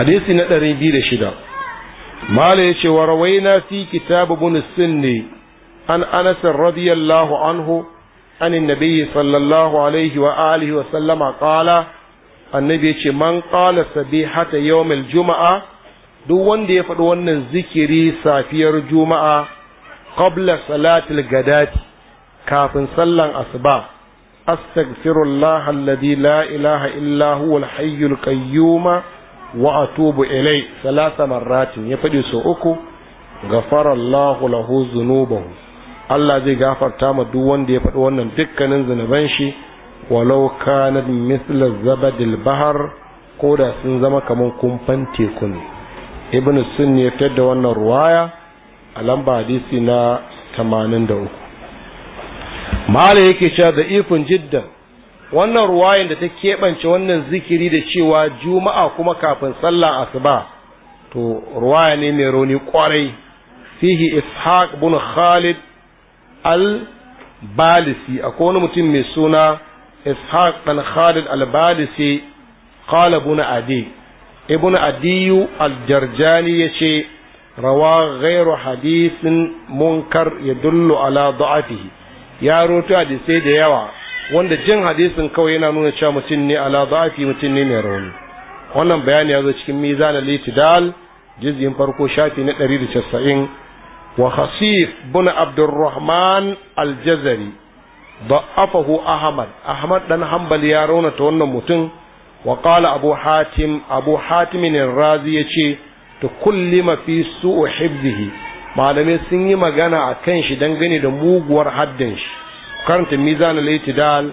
hadisi na 206 mala yace wa rawaina fi kitab ibn sunni an anas radiyallahu anhu عن النبي صلى الله عليه وآله وسلم قال النبي يقول من قال سبيحة يوم الجمعة duk wanda ya faɗi wannan zikiri safiyar juma'a qabla salatil gadati kafin sallar asuba astaghfirullah alladhi la ilaha illa huwa al-hayyul qayyuma salasa marratin ya faɗi sau uku ghafara Allahu lahu dhunubahu Allah zai gafarta ma duk wanda ya faɗi wannan dukkanin zunuban shi walau kanat mithla zabadil bahar ko da sun zama kamar kumfan teku ne ibn sunni ya fitar da wannan ruwaya a lamba hadisi na 83 mala yake cewa da ifin jiddan wannan ruwayan da ta keɓance wannan zikiri da cewa juma'a kuma kafin sallah asuba to ruwaya ne mai rauni kwarai fihi ishaq bin khalid al-balisi akwai wani mutum mai suna ishaq dan khalid al-balisi qala ibn adi ibn adiyu al-jarjani yace rawa ghairu hadisin munkar yadullu ala da'afihi ya roto hadisai da yawa wanda jin hadisin kawai yana nuna cewa mutum ne ala da'afi mutum ne mai rauni wannan bayani ya zo cikin mizan al-itidal farko shafi na 190 wa bin Abdulrahman aljazari ضعفه Ahmad. Ahmad دان Hambal ya raunata wannan mutum وقال أبو حاتم أبو حاتم الرازي يشي تكلم في سوء حفظه malamai sun yi magana a kan shi gani da muguwar haddin shi karanta mizan al-itidal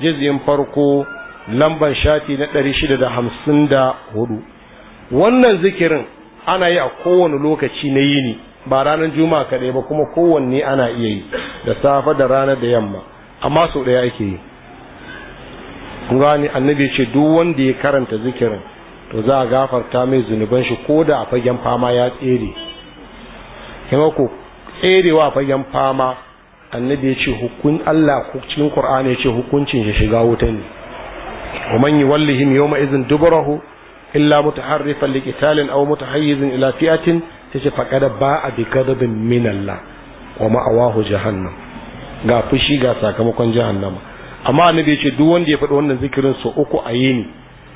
jizyin farko lamban shafi na 654 wannan zikirin ana yi a kowane lokaci na yini ba ranar juma'a kaɗai ba kuma kowanne ana iya yi da safe da rana da yamma amma sau ɗaya ake yi kun ne annabi ce duk wanda ya karanta zikirin to za a gafarta mai zunuban shi ko da a fagen fama ya tsere kuma ko tserewa a fagen fama annabi ya ce hukun Allah cikin Qur'ani ya ce hukuncin shi shiga wuta ne ومن يولهم يومئذ دبره إلا متحرفا لقتال أو متحيز إلى فئة sai ce faƙada ba a bi kadabin min Allah wa ma'awahu jahannam ga fushi ga sakamakon jahannama amma annabi ce duk wanda ya faɗi wannan zikirin so uku a yini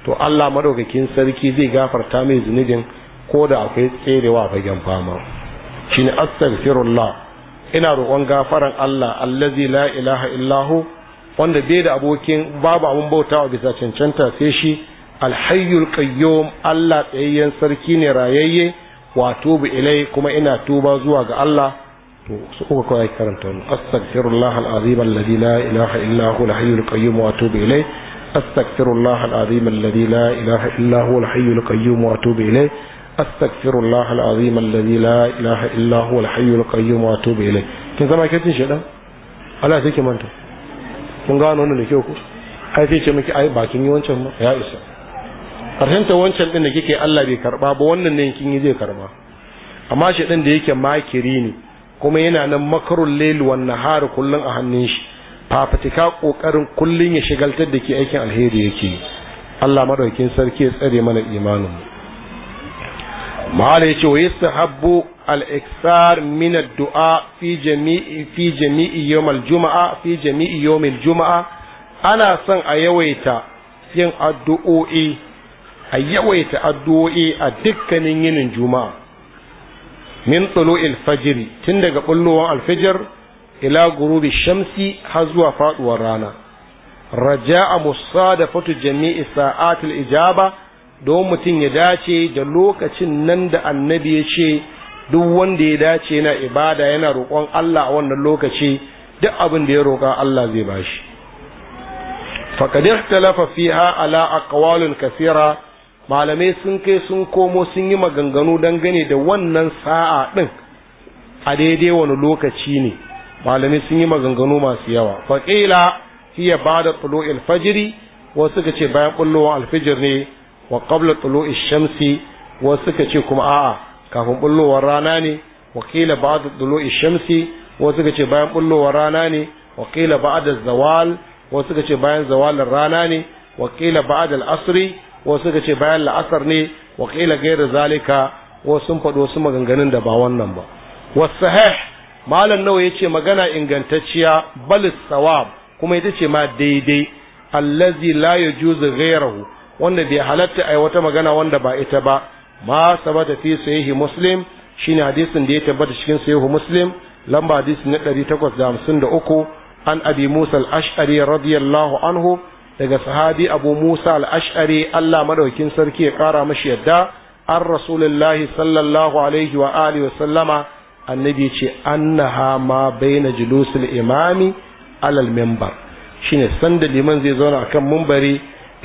to Allah madaukakin sarki zai gafarta mai zunubin ko da akwai tserewa a fagen fama shine astaghfirullah ina roƙon gafaran Allah allazi la ilaha illahu wanda bai da abokin babu abun bautawa bisa cancanta sai shi alhayyul qayyum Allah tsayayyen sarki ne rayayye wa tubu ilai kuma ina tuba zuwa ga Allah to su uku kawai karanta wannan astaghfirullah alazim alladhi la ilaha illa huwa alhayyul qayyum wa tubu ilai astaghfirullah alazim alladhi la ilaha illa huwa alhayyul qayyum wa tubu ilai astaghfirullah alazim alladhi la ilaha illa huwa alhayyul qayyum wa tubu ilai kin zama kai tin shedan Allah sai ki manta kun gano wannan da kyau ku ai sai ce miki ai bakin yi wancan ya isa karshen wancan din da kike Allah bai karba ba wannan ne kin yi zai karba amma shi din da yake makiri ne kuma yana nan makarul layl wan nahar kullun a hannun shi fafatika kokarin kullun ya shigaltar da ke aikin alheri yake Allah madaukin sarki ya tsare mana imanin mahala yace wa yastahabbu al-iksar min ad-du'a fi jami'i fi jami'i yawm al-jum'a fi jami'i yawm al-jum'a ana son a yawaita yin addu'o'i a yawaita addu'o'i a dukkanin yinin juma'a min tulu'il fajiri tun daga bullowar alfijir ila gurubi shamsi har zuwa faɗuwar rana Raja a musa da fatu jami'i sa'atul ijaba don mutum ya dace da lokacin nan da annabi ya ce duk wanda ya dace yana ibada yana roƙon Allah a wannan lokaci duk abin da ya roƙa Allah zai bashi faqad ikhtalafa fiha ala aqwalin kathira malamai sun kai sun komo sun yi maganganu dangane da wannan sa'a ɗin a daidai wani lokaci ne malamai sun yi maganganu masu yawa faƙila fiye ba da tulo alfajiri wasu suka ce bayan ɓullowar alfijir ne wa ƙabla tulo shamsi wasu suka ce kuma a'a kafin ɓullowar rana ne wakila ba da tulo shamsi wasu suka ce bayan ɓullowar rana ne wakila ba da zawal wasu suka ce bayan zawalin rana ne wakila ba da asri wasu suka ce bayan la'asar ne wa qila zalika wasu sun faɗo wasu maganganun da ba wannan ba Wasu wasahih malam nawa ya ce magana ingantacciya balis sawab kuma ita ce ma daidai allazi la yajuzu ghairuhu wanda bai halatta yi wata magana wanda ba ita ba ma sabata fi sahihi muslim shine hadisin da ya tabbata cikin sahihu muslim lamba hadisi na 853 an abi musa al-ash'ari radiyallahu anhu daga sahabi abu musa al'ash'ari allah madaukin sarki ya kara mashi yadda an rasulullahi sallallahu alaihi wa alihi sallama annabi ce annaha ma baina julusul imami alal minbar shine sanda liman zai zauna akan mumbari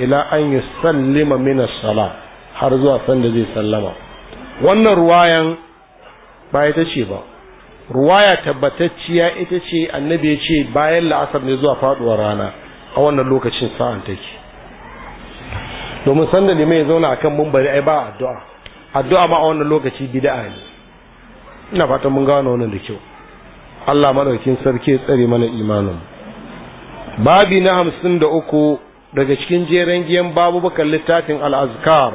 ila an yusallima min as-sala har zuwa sanda zai sallama wannan ruwayan ba ita ce ba ruwaya tabbatacciya ita ce annabi ya ce bayan la'asar ne zuwa faduwar rana a wannan lokacin sa'an take domin sanda ne mai zauna akan mumbari ai ba addu'a addu'a ma a wannan lokaci bid'a ne ina fatan mun gano wannan da kyau Allah madaukin sarki ya tsare mana imanin babi na hamsin da uku daga cikin jeren giyan babu bakan littafin al-azkar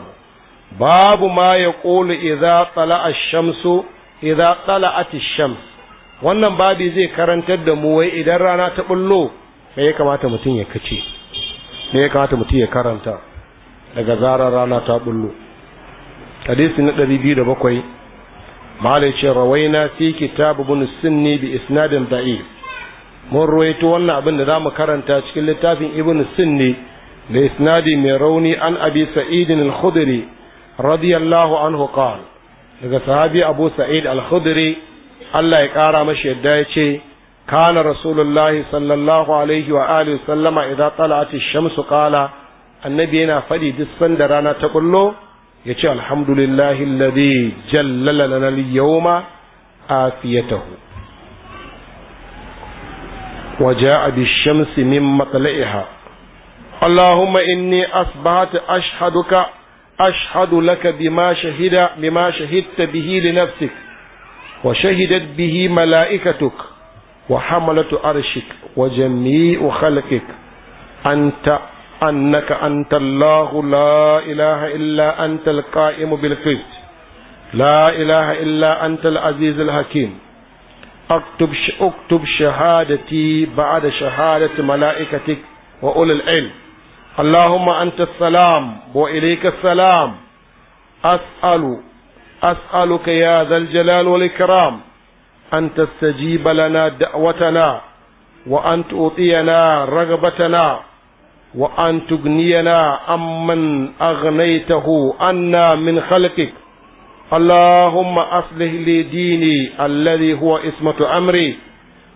babu ma ya qulu idza tsala shamsu idza tsala shams wannan babi zai karantar da mu wai idan rana ta bullo me ya kamata mutum ya kace me ya kamata mutum ya karanta daga zarar rana ta bullo hadisi na 207 malai ce rawaina fi kitabu bin sunni bi isnadin da'i mun ruwaito wannan abin da zamu karanta cikin littafin ibn sunni da isnadi mai rauni an abi sa'idin al-khudri radiyallahu anhu qala daga sahabi abu sa'id al-khudri Allah ya kara mashi yadda ya ce قال رسول الله صلى الله عليه وآله وسلم إذا طلعت الشمس قال النبي هنا فدي دسن درانا تقول له يتي الحمد لله الذي جلل لنا اليوم آفيته وجاء بالشمس من مطلعها اللهم إني أصبحت أشهدك أشهد لك بما شهد بما شهدت به لنفسك وشهدت به ملائكتك وحملة عرشك وجميع خلقك أنت أنك أنت الله لا إله إلا أنت القائم بالقسط لا إله إلا أنت العزيز الحكيم اكتب اكتب شهادتي بعد شهادة ملائكتك وأولي العلم اللهم أنت السلام وإليك السلام أسأل أسألك يا ذا الجلال والإكرام أن تستجيب لنا دعوتنا وأن تؤطينا رغبتنا وأن تغنينا عمن أغنيته عنا من خلقك اللهم أصلح لي ديني الذي هو اسمة أمري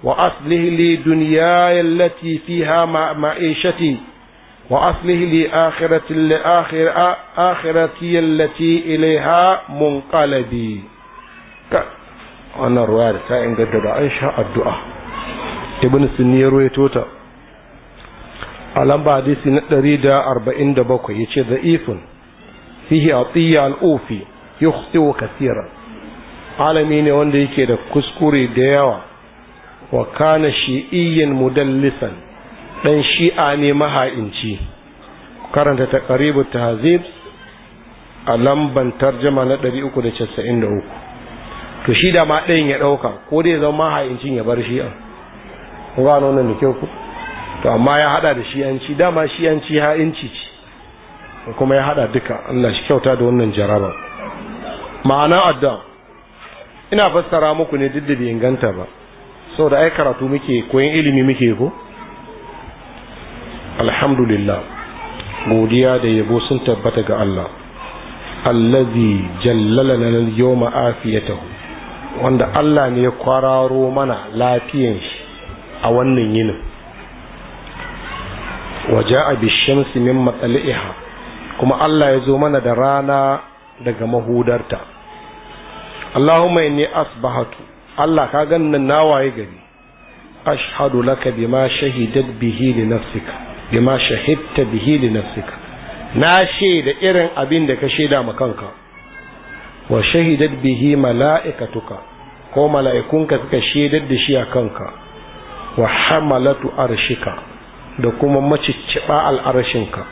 وأصلح لي دنياي التي فيها معيشتي وأصلح لي آخرتي آخرتي التي إليها منقلبي wannan ruwa da ta inganta da an sha addu'a ibn sunni ya ruwaito ta a lamba hadisi na 147 yace da ifun fihi atiya al-ufi yukhti'u kathira alami ne wanda yake da kuskure da yawa wa kana shi'iyyan mudallisan dan shi'a ne maha'inci karanta ta taqribu tahzib a lamban tarjama na 393 to shi da ma ɗayan ya ɗauka ko dai zama ha'incin ya bar shi'an ku gano nan da kyau ku to amma ya haɗa da shi'anci dama shi'anci ha'inci ce kuma ya haɗa duka Allah shi kyauta da wannan jaraba ma'ana adda ina fassara muku ne duk da bai inganta ba saboda ai karatu muke koyon ilimi muke ko alhamdulillah godiya da yabo sun tabbata ga Allah allazi jallala lana yawma afiyatahu wanda Allah ne ya kwararo mana lafiyan shi a wannan yinin waje a bishamsi min matsali'iha kuma Allah ya zo mana da rana daga mahudarta Allahumma inni asbahatu Allah ka gannan nawaye gari ashhadu laka bima shahidat bihi li nafsika bima shahidta bihi li nafsika na shaida irin abin da ka shaida ma kanka wa shahidat bihi mala'ikatuka ko mala'ikunka suka shaidar da shi a kanka wa hamalatu arshika da kuma macicciɓa al'arshinka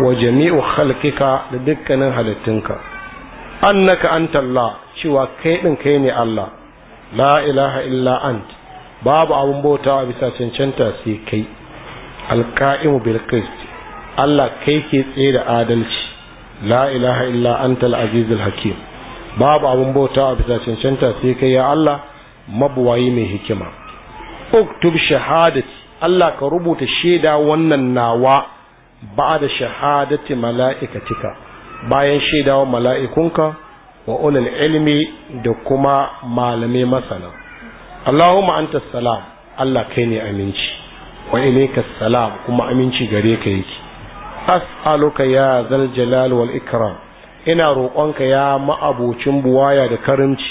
wa jami'u halkika da dukkanin halittunka annaka anta Allah cewa kai ɗin kai ne Allah la ilaha illa ant babu abin bauta a bisa cancanta sai kai alka'imu bil Allah kai ke tsaye da adalci la ilaha illa anta al-azizul hakim babu abin bauta a bisa cancanta sai kai ya Allah mabuwayi mai hikima uktub shahadati Allah ka rubuta shaida wannan nawa ba da shahadati mala'ikatika bayan shaidawa mala'ikunka wa ulul ilmi da kuma malamai masana Allahumma anta salam Allah kai ne aminci wa ilayka salam kuma aminci gare ka yake as'aluka ya zal jalal wal ikram ina roƙonka ya ma'abocin buwaya da karimci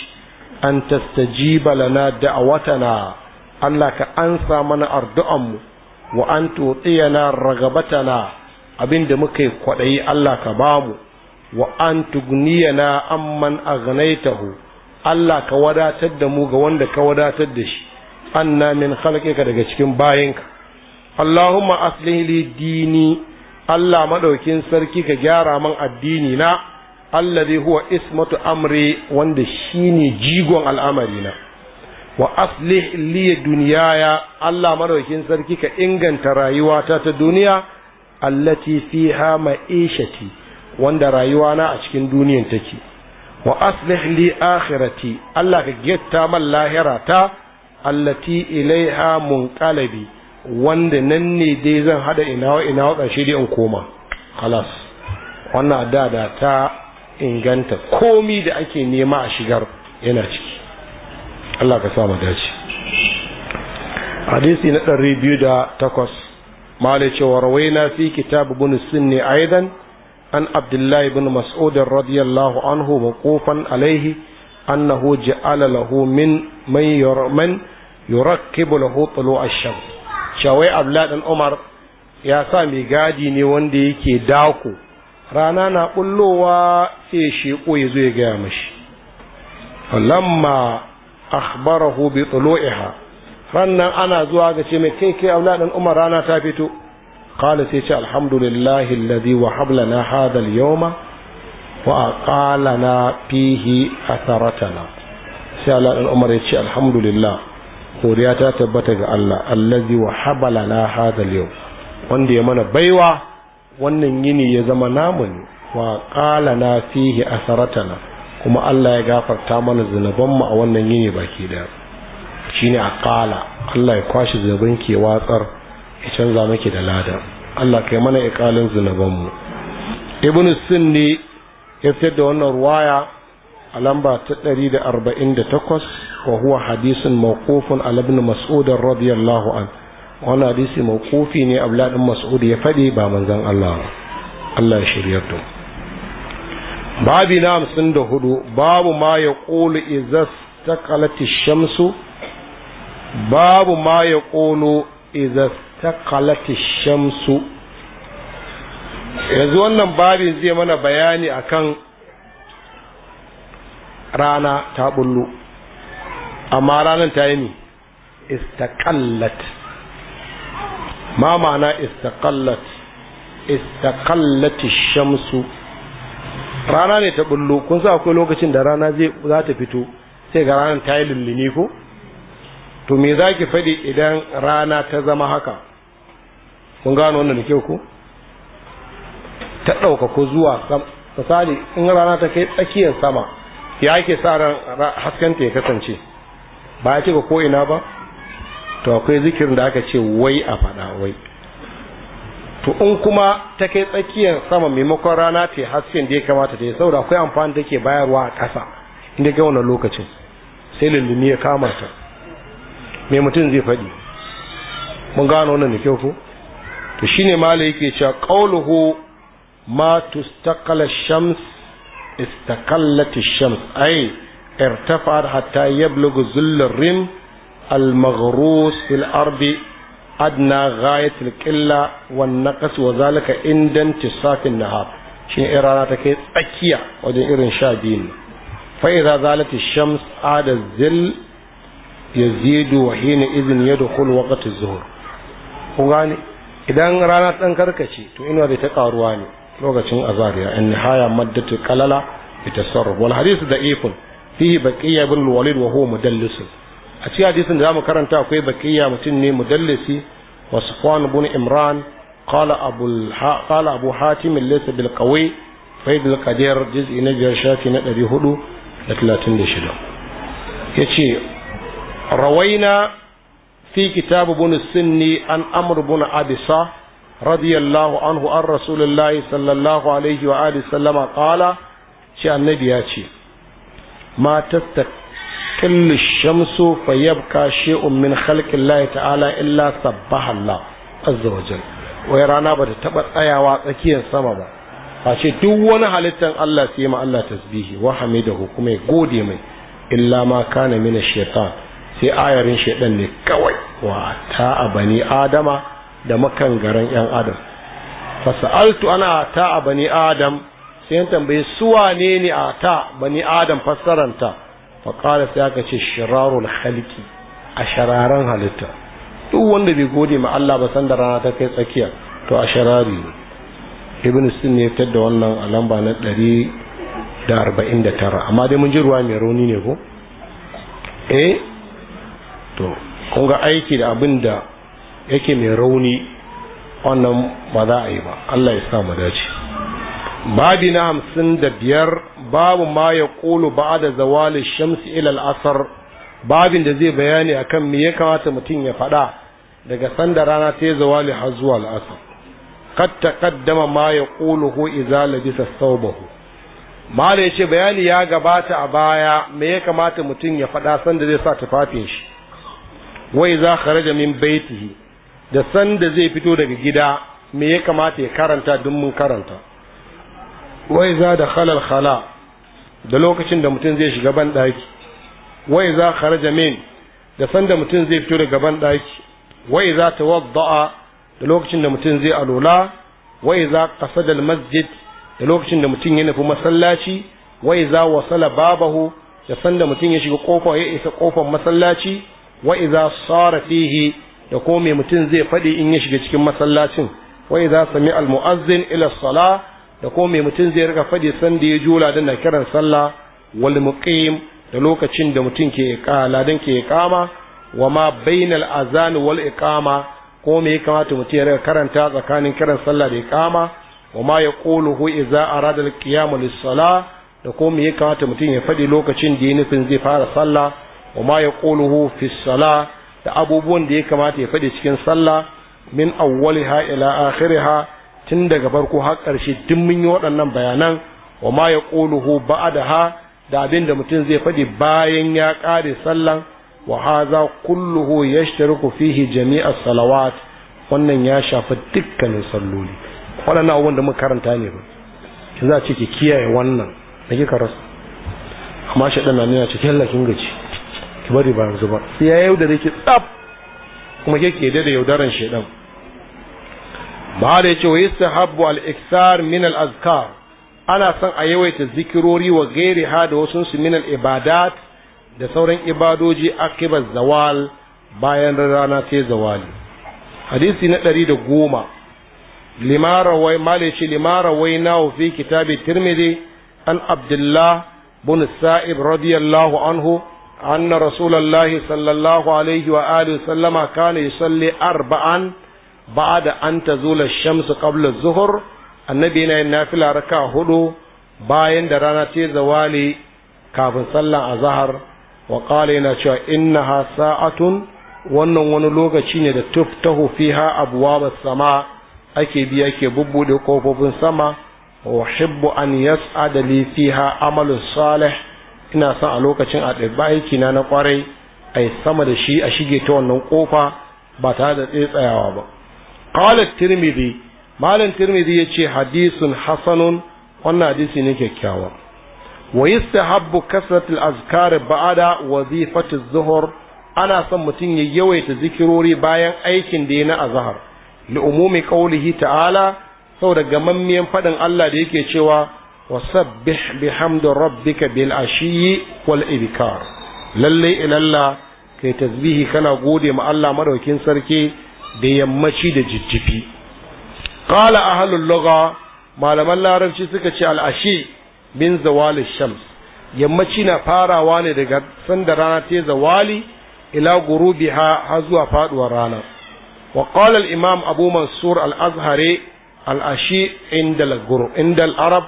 an da a watana. Allah ka ansa mana ardu'anmu wa an tutiyana ragabatana da muka yi kwaɗayi Allah ka bamu wa an tugniyana amman taho. Allah ka wadatar da mu ga wanda ka wadatar da shi anna min khalqika daga cikin bayinka Allahumma aslih li dini Allah madaukin sarki ka gyara man addini na allazi huwa ismatu amri wanda shine jigon al'amari na wa aslih li dunyaya Allah madaukin sarki ka inganta rayuwata ta duniya allati fiha ma'ishati wanda rayuwa na a cikin duniyan take wa aslih li akhirati Allah ka getta man lahirata allati ilaiha kalabi. wanda nan ne dai zan hada ina wa ina wa karshe dai in koma khalas wannan da ta inganta komi da ake nema a shigar yana ciki Allah ka sa dace hadisi na biyu da takwas. malai cewa na fi kitab ne a aidan an abdullahi bin mas'udin radiyallahu anhu maqufan alaihi annahu ja'ala lahu min man yurman yurakkibu lahu tulu ash-shams shawai Abdullahi dan umar ya sa mai gadi ne wanda yake dako rana na ƙullowa sai sheƙo ya zo ya gaya mashi falamma akhbarahu bi tulu'iha rannan ana zuwa ga ce mai kai kai auladin umar rana ta fito qala sai ce alhamdulillahi alladhi wahab lana hadha al-yawma wa aqalana fihi atharatana sai auladin umar ya ce alhamdulillah Koriya ta tabbata ga Allah allazi wa lana hadha al-yawm wanda ya mana baiwa wannan yini ya zama namu ne wa ƙala na a saratana kuma Allah ya gafarta mana zunubanmu a wannan yini baki da a ƙala Allah ya kwashe ki ke watsar ya canza miki da lada Allah kai mana iqalin zunubanmu ibnu ne ya fitar da wannan ruwaya a lamba ta ɗari da takwas wa huwa hadisun mawqufun ala ibn mas'ud radiyallahu anhu wannan hadisi mawqufi ne abla din mas'ud ya fadi ba manzon Allah Allah ya shirya to babi na hamsin da hudu babu ma ya ƙulu izas ta shamsu babu ma ya ƙulu izas ta shamsu yanzu wannan babin zai mana bayani akan rana ta bullo amma ranar ta yi ne istakallat ma ma'ana istaqallat istaqallat shamsu rana ne ta bullo kun sa akwai lokacin da rana zai za ta fito sai ga ranar ta yi lulluni ko to me za ki faɗi idan rana ta zama haka kun gano wannan da kyau ko ta ɗauka ko zuwa misali in rana ta kai tsakiyar sama ya ake sa ran haskanta ya kasance ba ya ce ga ko ina ba to akwai zikirin da aka ce wai a faɗa wai to in kuma ta kai tsakiyar sama maimakon rana ta yi hasken da ya kamata ta yi saboda akwai amfani da ke bayarwa a ƙasa inda ga wannan lokacin sai lullumi ya kama ta mai mutum zai faɗi mun gano wannan da kyau ko to shine mala yake cewa qauluhu ma tustaqala shams istaqallat shams ay irtafa'at hatta yablugu zullar rim المغروس في الأرض أدنى غاية القلة والنقص وذلك عند انتصاف النهار شيء إرانا تكيت أكيا وجن إرن شادين فإذا زالت الشمس عاد الذل يزيد وحينئذ يدخل وقت الظهر وغاني idan rana ɗan karkace to ina zai ta karuwa ne lokacin azariya in nihaya maddatu kalala bi tasarruf wal hadith da'ifun fihi baqiya ibn walid wa huwa mudallisun a cikin hadisin da zamu karanta akwai bakiya mutum ne mudallisi wa sufwan ibn imran qala abu qala abu hatim laysa bil qawi faid al qadir juz'i na biyar shafi na 436 yace rawaina fi kitab ibn sunni an amr ibn abisa radiyallahu anhu an rasulullahi sallallahu alaihi wa alihi sallama qala ce annabi ya ce ma tattak تخل الشمس فيبقى شيء من خلق الله تعالى إلا سبح الله عز وجل ويرانا بدا تبر أيا واتكيا سما با فاشي دوانا وانا حالتان الله سيما الله تسبيه وحمده كمي يقودي من إلا ما كان من الشيطان سي آية shaidan ne kawai wa ta آدم adama da makangaran yan adam fasa'altu ana ta bani adam sai yan tambaye بني آدم ne faƙala sai aka ce shirarul halki a shararen halitta duk wanda bai gode ma Allah ba san da rana ta kai tsakiya to a sharari ne ibn sin ne fitar da wannan a lamba na ɗari da arba'in da tara amma dai mun ji ruwa mai rauni ne ko eh to kun ga aiki da abin da yake mai rauni wannan ba za a yi ba Allah ya sa mu dace babi na hamsin da biyar babu ma ya da zawali shamsi ilal asar babin da zai bayani akan me ya kamata mutum ya faɗa daga sanda rana ta yi zawali har zuwa al'asar kad taqaddama ma ya ƙulu ko iza labisa saubahu mala ya ce bayani ya gabata a baya me ya kamata mutum ya faɗa sanda zai sa tufafin shi wai za kharaja min baitihi da sanda zai fito daga gida me ya kamata ya karanta duk mun karanta wai za da khalal khala da lokacin da mutum zai shiga ban ɗaki wai za kharaja min da sanda mutum zai fito daga ban ɗaki wai za tawadda'a da lokacin da mutum zai alola wai za qasadal masjid da lokacin da mutum ya nufi masallaci wai za wasala babahu da sanda mutum ya shiga kofa ya isa kofar masallaci wa idza sara fihi da ko me mutum zai faɗi in ya shiga cikin masallacin wa idza sami al mu'azzin ila salah da ko mai mutum zai rika faɗi sanda ya jula dan na kiran sallah wal muqim da lokacin da mutum ke dan ke iqama wa ma bainal azan wal iqama ko me ya kamata mutum ya rika karanta tsakanin kiran sallah da iqama wa ma yaquluhu idza arada al qiyam lis salah da ko me ya kamata mutum ya faɗi lokacin da ya nufin zai fara sallah wa ma yaquluhu fi salah da abubuwan da ya kamata ya faɗi cikin sallah min awwaliha ila akhiriha tun daga farko har ƙarshe duk mun yi waɗannan bayanan wa ma ya ƙoluhu ba'adaha da abin da mutum zai faɗi bayan ya ƙare sallan wa haza ya yashtariku fihi jami'a salawat wannan ya shafi dukkanin salloli waɗannan abubuwan da muka karanta ne ba ki za ce ki kiyaye wannan da kika rasa amma shi ɗana ce cikin lakin gaci ki bari ba yanzu ba sai ya yau da tsaf kuma ke ke da yaudaran shaidan ba da yace wa yastahabbu al-iksar min al-azkar ana son a yawaita zikirori wa gairi ha da wasu su min al-ibadat da sauran ibadoji akiba zawal bayan rana sai zawali hadisi na ɗari da goma limarawai malici limarawai na fi kitabi tirmidhi an abdullah bin sa'ib radiyallahu anhu anna rasulallahi sallallahu alaihi wa alihi sallama kana yusalli arba'an da an tazula shamsu qabla zuhur annabi yana yin nafila raka hudu bayan da rana ta zawali kafin sallan azhar wa qala yana cewa innaha sa'atun wannan wani lokaci ne da tuftahu fiha ba sama ake bi ake bubbude kofofin sama wa hibbu an yas'ada li fiha amalu salih ina son a lokacin a ba aiki na na kwarai ai sama da shi a shige ta wannan kofa ba tare da tsayawa ba qala tirmidhi malam tirmidhi yace hadisun hasanun wannan hadisi ne kyakkyawa wa yastahabbu kasratul azkar ba'da wazifati zuhur ana son mutum ya yawaita zikirori bayan aikin da ya na azhar li umumi qawlihi ta'ala saboda mammiyan fadin Allah da yake cewa wasabbih bihamdi rabbika bil ashiyi wal ibkar Lallai ilalla kai tasbihi kana gode ma Allah madaukin sarki da yammaci da jijjifi qala ahlul loga malaman larabci suka ce al'ashi min zawalin shams yammaci na farawa ne daga sanda rana ta zawali ila gurubiha har zuwa faduwar rana wa qala imam abu mansur al azhari al inda arab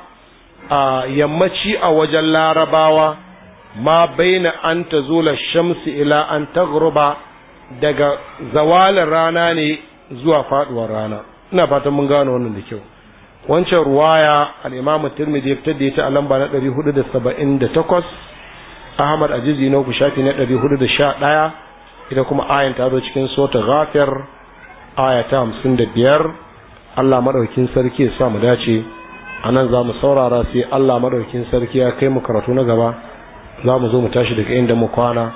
a yammaci a wajen larabawa ma baina an tazula shamsi ila an taghruba daga zawalin rana ne zuwa faduwar rana ina fatan mun gano wannan da kyau wancan ruwaya al-imam tirmidhi ya fitar da ita a lamba na 478 ahmad ajizi na ku shafi na 411 ita kuma ayan ta zo cikin sota ghafir aya ta da biyar. Allah madaukin sarki ya sa mu dace anan za mu saurara sai Allah madaukin sarki ya kai mu karatu na gaba za mu zo mu tashi daga inda mu kwana